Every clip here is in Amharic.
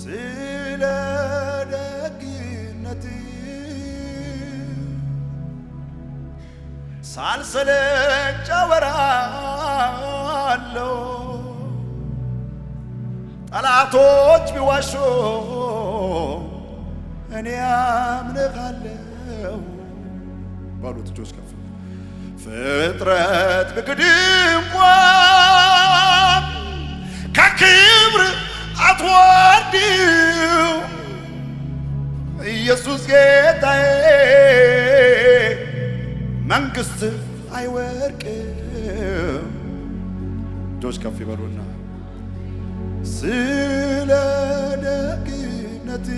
ስለ ደግነት ሳልሰለች አወራለሁ። ጠላቶች ቢዋሾ እኔ አምንሃለሁ ባሉት እጆች ከፍ ፍጥረት ብክድ እንኳ አዲው ኢየሱስ ጌታዬ መንግሥት አይወርቅም። እጆች ከፍ ይበሉና ስለ ደግነት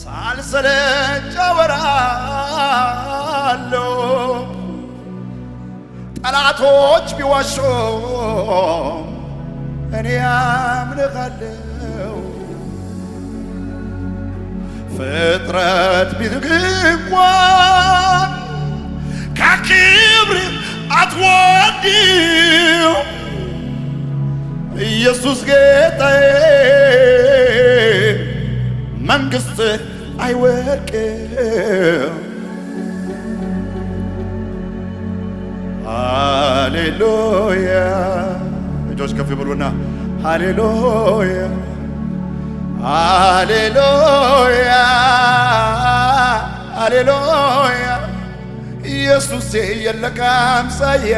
ሳልሰለች አወራለሁ። ጠላቶች ቢዋሹም እኔ አምልካለሁ። ፍጥረት ቢዝግ እንኳን ከክብር አትወዲው ኢየሱስ ጌታዬ መንግሥት አይወድቅም። ሃሌሉያ እጆች ከፍ ብሉና ሃሌሉያ ሃሌሉያ ሃሌሉያ ኢየሱሴ የለካ አምሳያ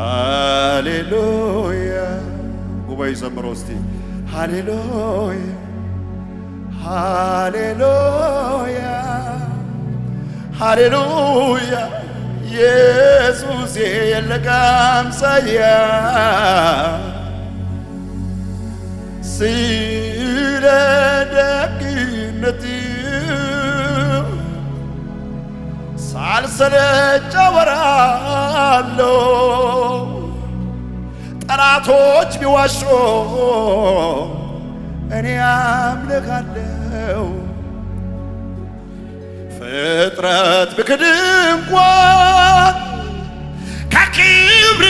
ሃሌሉያ ጉባኤ ዘምሮ እስቲ ሃሌሉያ ሃሌሉያ ሃሌሉያ ኢየሱስ የለቃም ሳያ ስለ ደግነት ሳልሰለች አወራለሁ። ጠላቶች ቢዋሾ እኔ አምልካለሁ። ፍጥረት ብክድምኳ ከክብር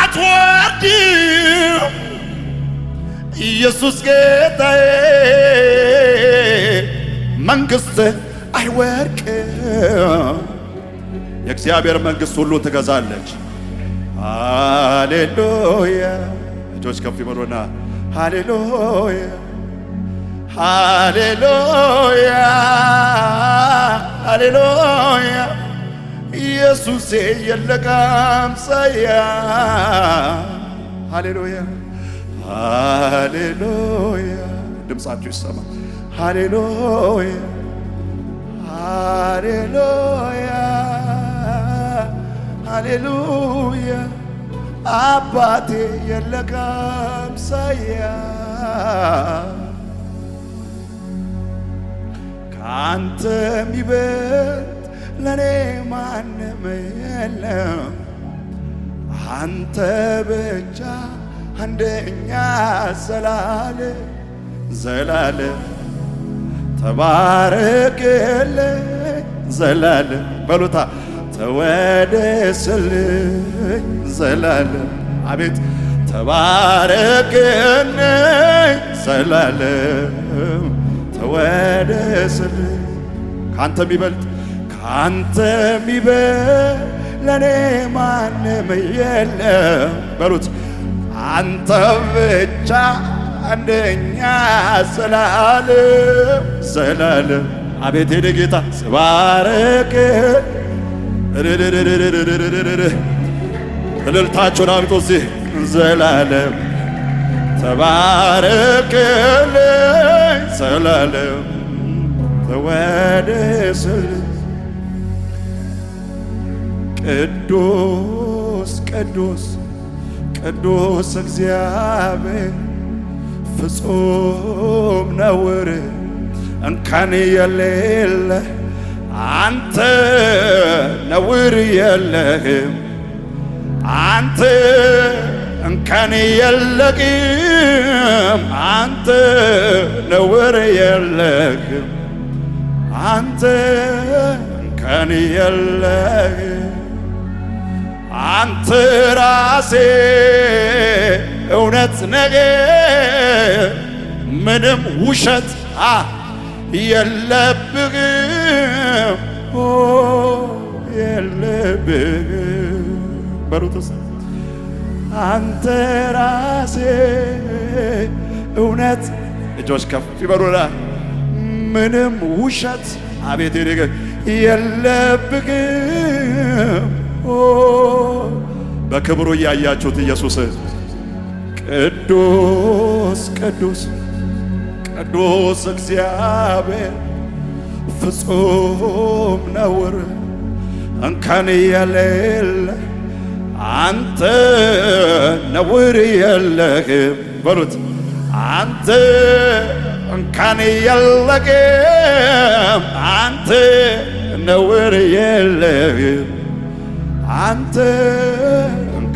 አትወርድም ኢየሱስ ጌታዬ መንግሥት አይወድቅም። የእግዚአብሔር መንግሥት ሁሉ ትገዛለች። ሃሌሉያ እጆች ከፍ ይበሉና ሃሌሉያ ሃሌሉያ ሃሌሉያ ኢየሱሴ የለቃም ጸያ ሃሌሉያ ሃሌሉያ ድምፃችሁ ይሰማ። ሃሌሉያ ሃሌሉያ ሃሌሉያ አባቴ የለቃም ጸያ ከአንተ የሚበልጥ ለኔ ማንም የለም። አንተ ብቻ አንደኛ ዘላለ ዘላለ ተባረክል ዘላለ በሉታ ተወደስል ዘላለ አቤት ተባረክን ዘላለ ተወደስል ካንተ የሚበልጥ ካንተ የሚበልጥ ለኔ ማንም የለም በሉት አንተ ብቻ አንደኛ ዘላለም ዘላለም አቤት ሄደ ጌታ ስባረክ እልልታችሁን አምጡ እዚህ ዘላለም ተባረክልን ሰላለም ተወደስ ቅዱስ ቅዱስ ቅዱስ እግዚአብሔር ፍጹም ነውር እንከን የሌለ አንተ ነውር የለህም አንተ እንከን የለቅም አንተ ነውር የለክም አንተ እንከን የለክም አንተ ራሴ እውነት ነገ ምንም ውሸት የለብግም የለብግም በሩትስ አንተ ራሴ እውነት እጆች ከፍ ይበሉላ ምንም ውሸት አቤት ደገ የለብግም በክብሩ እያያችሁት ኢየሱስ ቅዱስ ቅዱስ ቅዱስ እግዚአብሔር ፍጹም ነውር እንከን የሌለ أنت نوري يلاك بروت أنت كان يلاك أنت نوري يلاك أنت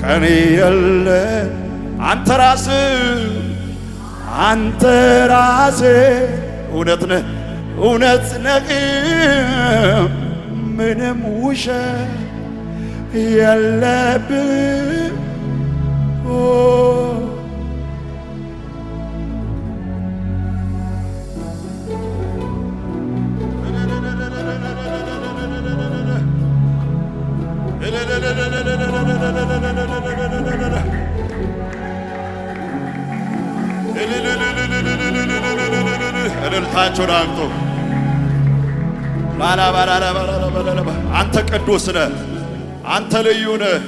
كان يلاك أنت راسي أنت راسي ونتنا ونتنا من موشه የለብም እልልታቸውን አምጡ። ባላ አንተ ቅዱስ ነህ። አንተ ልዩ ነህ።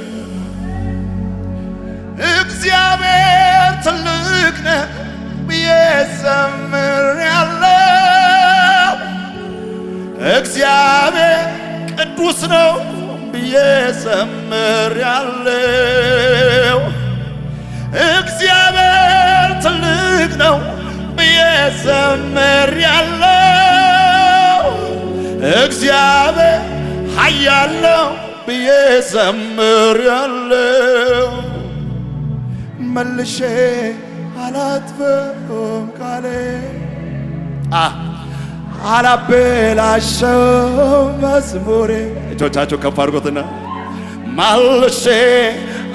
እግዚአብሔር ትልቅ ነህ ብዬ ዘምር ያለው እግዚአብሔር ቅዱስ ነው ብዬ ዘምር ያለው እግዚአብሔር ትልቅ ነው ብዬ ዘምር ያለው እግዚአብሔር ኃያል ነው ብዬ ዘምር ያለው መልሼ አላጥፍም ቃሌ አላበላሸው መዝሙሬ እጆቻቸው ከፍ አድርጎትና መልሼ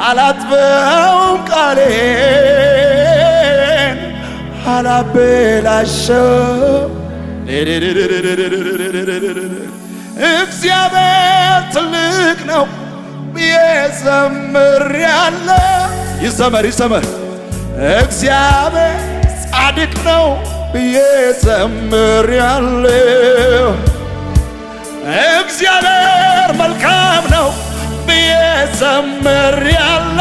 አላጥፍም ቃሌ አላበላሸው እግዚአብሔር ትልቅ ነው ብዬ ያለ ይዘመር ይዘመር። እግዚአብሔር ጻድቅ ነው ብዬ ያለ እግዚአብሔር መልካም ነው ብዬ ያለ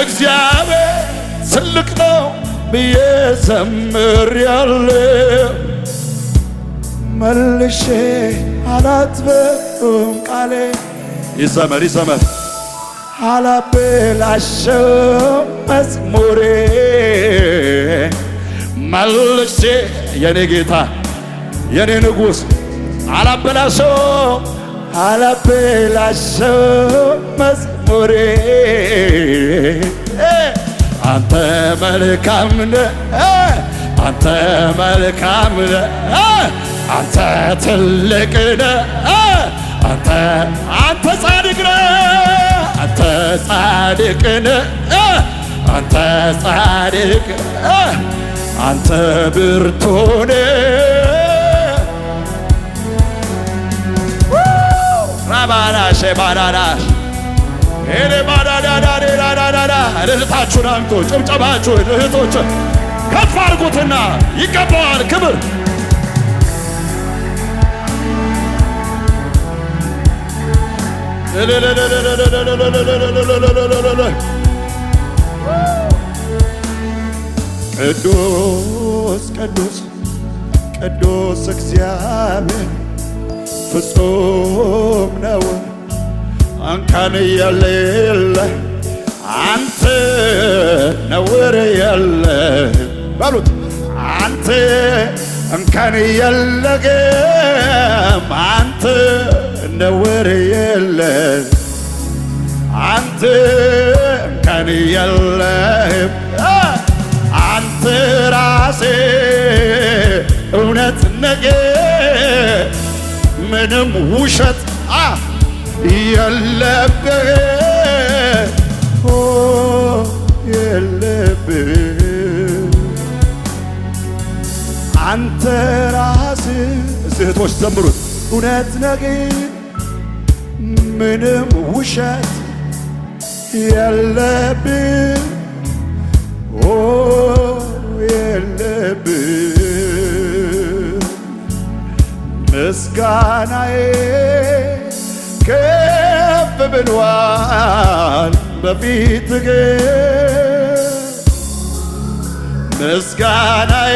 እግዚአብሔር ትልቅ ነው ብዬ ዘምሬአለ። መልሼ አላጥብም ቃሌ ይሰመር ይሰመር አላበላሸው መዝሙሬ መልሼ የኔ ጌታ የኔ ንጉሥ አላበላሸው አላበላሸው መዝሙሬ አንተ መልካም ነህ አንተ መልካም ነህ አንተ ትልቅ ነህ፣ አንተ አንተ ጻድቅ ነህ፣ አንተ ጻድቅ ነህ፣ አንተ ጻድቅ አንተ ብርቱ ነህ። ራባናሽ ባናናሽ እኔ ባዳዳዳዳዳዳዳ እልልታችሁን አምጡ፣ ጭብጨባችሁን እህቶች ከፍ አድርጉትና ይገባዋል ክብር ቅዱስ ቅዱስ ቅዱስ እግዚአብሔር ፍጹም ነው እንከን የሌለ አንተ ነውር የለ በሉት አንተ እንከን የለህም አንተ እንደ ወሬ የለም አንተ ከኔ የለህም አንተ ራሴ እውነት ነገ ምንም ውሸት የለብህ የለብህ አንተ ራስህ እህቶች ዘምሩት እውነት ነገ ምንም ውሸት የለብን ኦ የለብን ምስጋናዬ ከፍ ብሏል በፊት ምስጋናዬ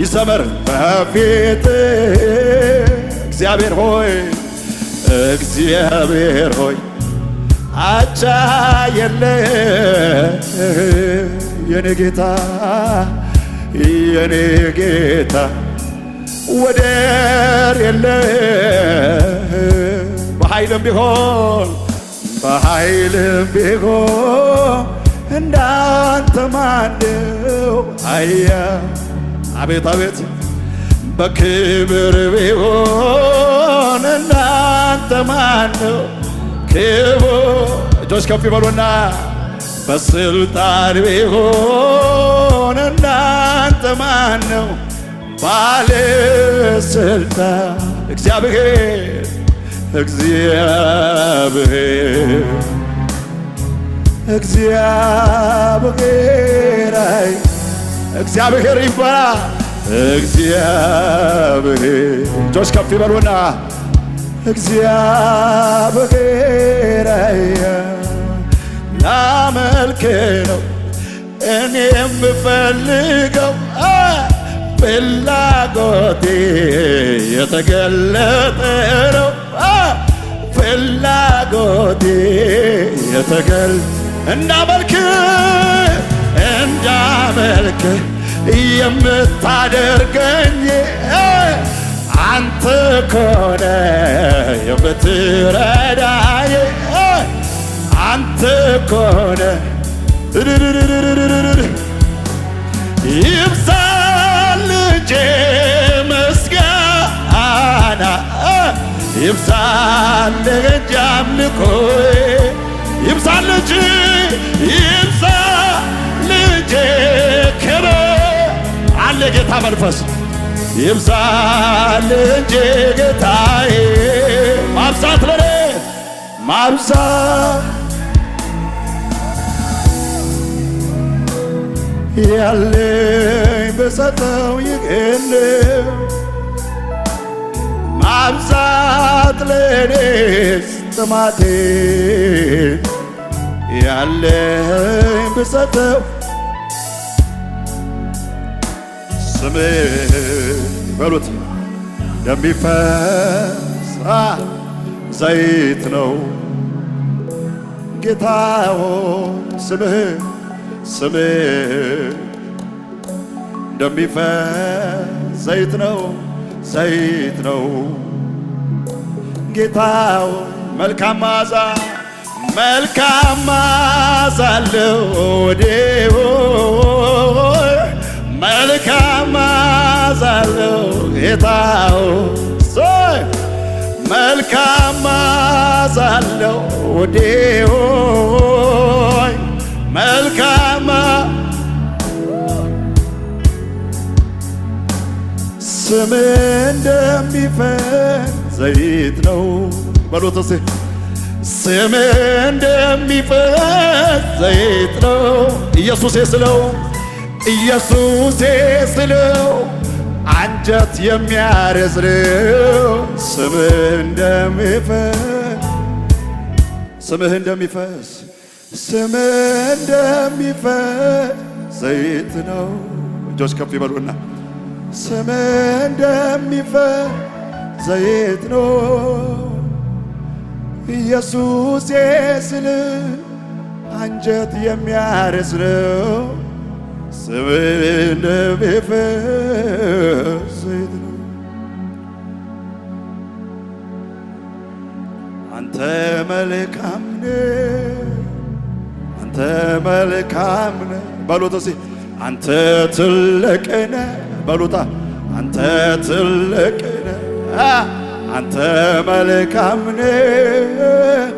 ይሰመር በፊት እግዚአብሔር ሆይ እግዚአብሔር ሆይ አቻ የለ የኔ ጌታ የኔ ጌታ ወደር የለ በኃይልም ቢሆን በኃይልም ቢሆን እንዳንተ ማነው? አያ አቤት አቤት በክብር ቢሆን ከእናንተ ማን ነው እጆች ከፍ ይበሉና በስልጣን ቢሆን እናንተ ማነው ነው ባለስልጣን? እግዚአብሔር እግዚአብሔር እግዚአብሔር አይ እግዚአብሔር ይባላል። እግዚአብሔር እጆች ከፍ ይበሉና እግዚአብሔር ላመልክ ነው እኔ የምፈልገው ፍላጎቴ የተገለጠ ነው ፍላጎቴ የተገል እንዳመልክ እንዳመልክ የምታደርገኝ አንተ ከሆነ የምትረዳይ አንተ ከሆነ ይብዛል ምስጋና ይብዛል አምልኮ ይብዛል ይብዛል ክብር አለ ጌታ መንፈስ ይብዛል እንጂ ጌታዬ ማብዛት ለኔ ማብዛት ያለኝ በሰጠው ይገን ማብዛት ለኔስ ጥማቴ ያለኝ በሰጠው ስሜ በሉት የሚፈስ ዘይት ነው ጌታዎ ስምህ ስሜ እንደሚፈስ ዘይት ነው ዘይት ነው ጌታዎ መልካም መዓዛ መልካም መዓዛ አለው ወዴው መልካም መዓዛ አለው ጌታው ሶይ መልካም መዓዛ አለው ውዴ ሆይ መልካም ስም እንደሚፈስ ዘይት ነው በሎተሴ ስም እንደሚፈስ ዘይት ነው ኢየሱሴ ስለው ኢየሱስ ስለው አንጀት የሚያረዝርው ስምህ እንደሚፈስ ስምህ እንደሚፈስ ስምህ እንደሚፈስ ዘይት ነው። እጆች ከፍ ይበሉና ስምህ እንደሚፈስ ዘይት ነው። ኢየሱስ ስል አንጀት የሚያረዝርው ስብህን የሚፈስ ዘይት ነው። አንተ መልካም ነህ፣ አንተ መልካም ነህ በሉት እስኪ። አንተ ትልቅ ነህ በሉታ። አንተ ትልቅ ነህ፣ አንተ መልካም ነህ